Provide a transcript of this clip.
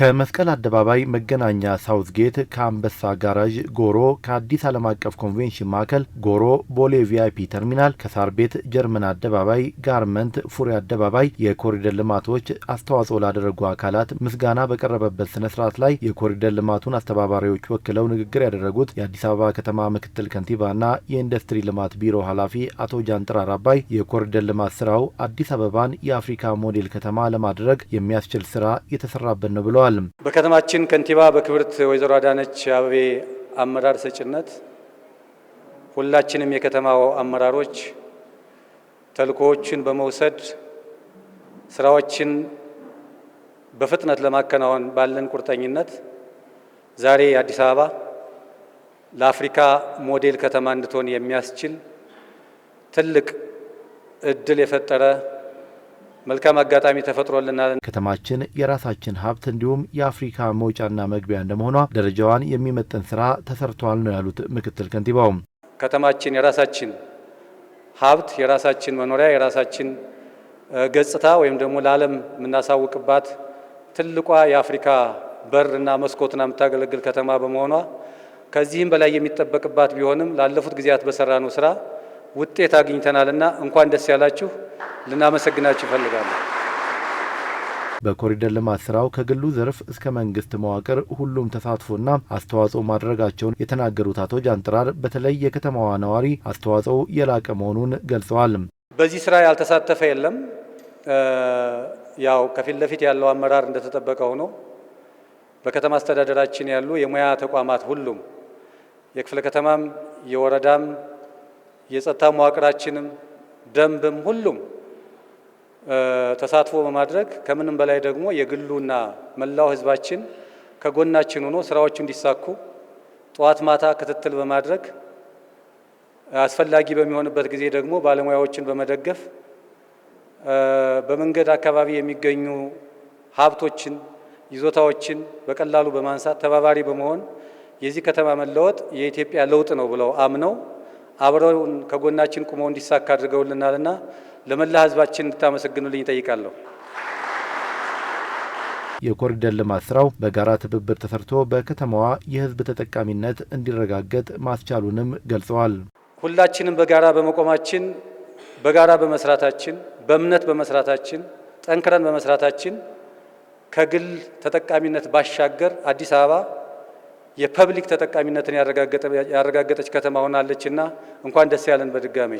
ከመስቀል አደባባይ መገናኛ ሳውዝጌት ከአንበሳ ጋራዥ ጎሮ ከአዲስ ዓለም አቀፍ ኮንቬንሽን ማዕከል ጎሮ ቦሌ ቪአይፒ ተርሚናል ከሳር ቤት ጀርመን አደባባይ ጋርመንት ፉሪ አደባባይ የኮሪደር ልማቶች አስተዋጽኦ ላደረጉ አካላት ምስጋና በቀረበበት ስነ ስርዓት ላይ የኮሪደር ልማቱን አስተባባሪዎች ወክለው ንግግር ያደረጉት የአዲስ አበባ ከተማ ምክትል ከንቲባና የኢንዱስትሪ ልማት ቢሮ ኃላፊ አቶ ጃንጥራር አባይ የኮሪደር ልማት ስራው አዲስ አበባን የአፍሪካ ሞዴል ከተማ ለማድረግ የሚያስችል ስራ የተሰራበት ነው ብለዋል። ገልጸዋል። በከተማችን ከንቲባ በክብርት ወይዘሮ አዳነች አበቤ አመራር ሰጭነት ሁላችንም የከተማው አመራሮች ተልእኮዎችን በመውሰድ ስራዎችን በፍጥነት ለማከናወን ባለን ቁርጠኝነት ዛሬ አዲስ አበባ ለአፍሪካ ሞዴል ከተማ እንድትሆን የሚያስችል ትልቅ እድል የፈጠረ መልካም አጋጣሚ ተፈጥሮልናል። ከተማችን የራሳችን ሀብት እንዲሁም የአፍሪካ መውጫና መግቢያ እንደመሆኗ ደረጃዋን የሚመጥን ስራ ተሰርቷል ነው ያሉት ምክትል ከንቲባው። ከተማችን የራሳችን ሀብት፣ የራሳችን መኖሪያ፣ የራሳችን ገጽታ ወይም ደግሞ ለዓለም የምናሳውቅባት ትልቋ የአፍሪካ በርና መስኮትና የምታገለግል ከተማ በመሆኗ ከዚህም በላይ የሚጠበቅባት ቢሆንም ላለፉት ጊዜያት በሰራ ነው ስራ ውጤት አግኝተናልና እንኳን ደስ ያላችሁ ልናመሰግናችሁ ይፈልጋለሁ። በኮሪደር ልማት ስራው ከግሉ ዘርፍ እስከ መንግስት መዋቅር ሁሉም ተሳትፎና አስተዋጽኦ ማድረጋቸውን የተናገሩት አቶ ጃንጥራር በተለይ የከተማዋ ነዋሪ አስተዋጽኦ የላቀ መሆኑን ገልጸዋል። በዚህ ስራ ያልተሳተፈ የለም። ያው ከፊት ለፊት ያለው አመራር እንደተጠበቀ ሆኖ በከተማ አስተዳደራችን ያሉ የሙያ ተቋማት ሁሉም የክፍለ ከተማም የወረዳም የጸጥታ መዋቅራችንም ደንብም ሁሉም ተሳትፎ በማድረግ ከምንም በላይ ደግሞ የግሉና መላው ህዝባችን ከጎናችን ሆኖ ስራዎቹ እንዲሳኩ ጠዋት ማታ ክትትል በማድረግ አስፈላጊ በሚሆንበት ጊዜ ደግሞ ባለሙያዎችን በመደገፍ በመንገድ አካባቢ የሚገኙ ሀብቶችን፣ ይዞታዎችን በቀላሉ በማንሳት ተባባሪ በመሆን የዚህ ከተማ መለወጥ የኢትዮጵያ ለውጥ ነው ብለው አምነው አብረውን ከጎናችን ቁመው እንዲሳካ አድርገውልናልና ለመላ ህዝባችን እንድታመሰግኑልኝ ይጠይቃለሁ። የኮሪደር ልማት ስራው በጋራ ትብብር ተሰርቶ በከተማዋ የህዝብ ተጠቃሚነት እንዲረጋገጥ ማስቻሉንም ገልጸዋል። ሁላችንም በጋራ በመቆማችን፣ በጋራ በመስራታችን፣ በእምነት በመስራታችን፣ ጠንክረን በመስራታችን ከግል ተጠቃሚነት ባሻገር አዲስ አበባ የፐብሊክ ተጠቃሚነትን ያረጋገጠች ከተማ እና እንኳን ደስ ያለን በድጋሜ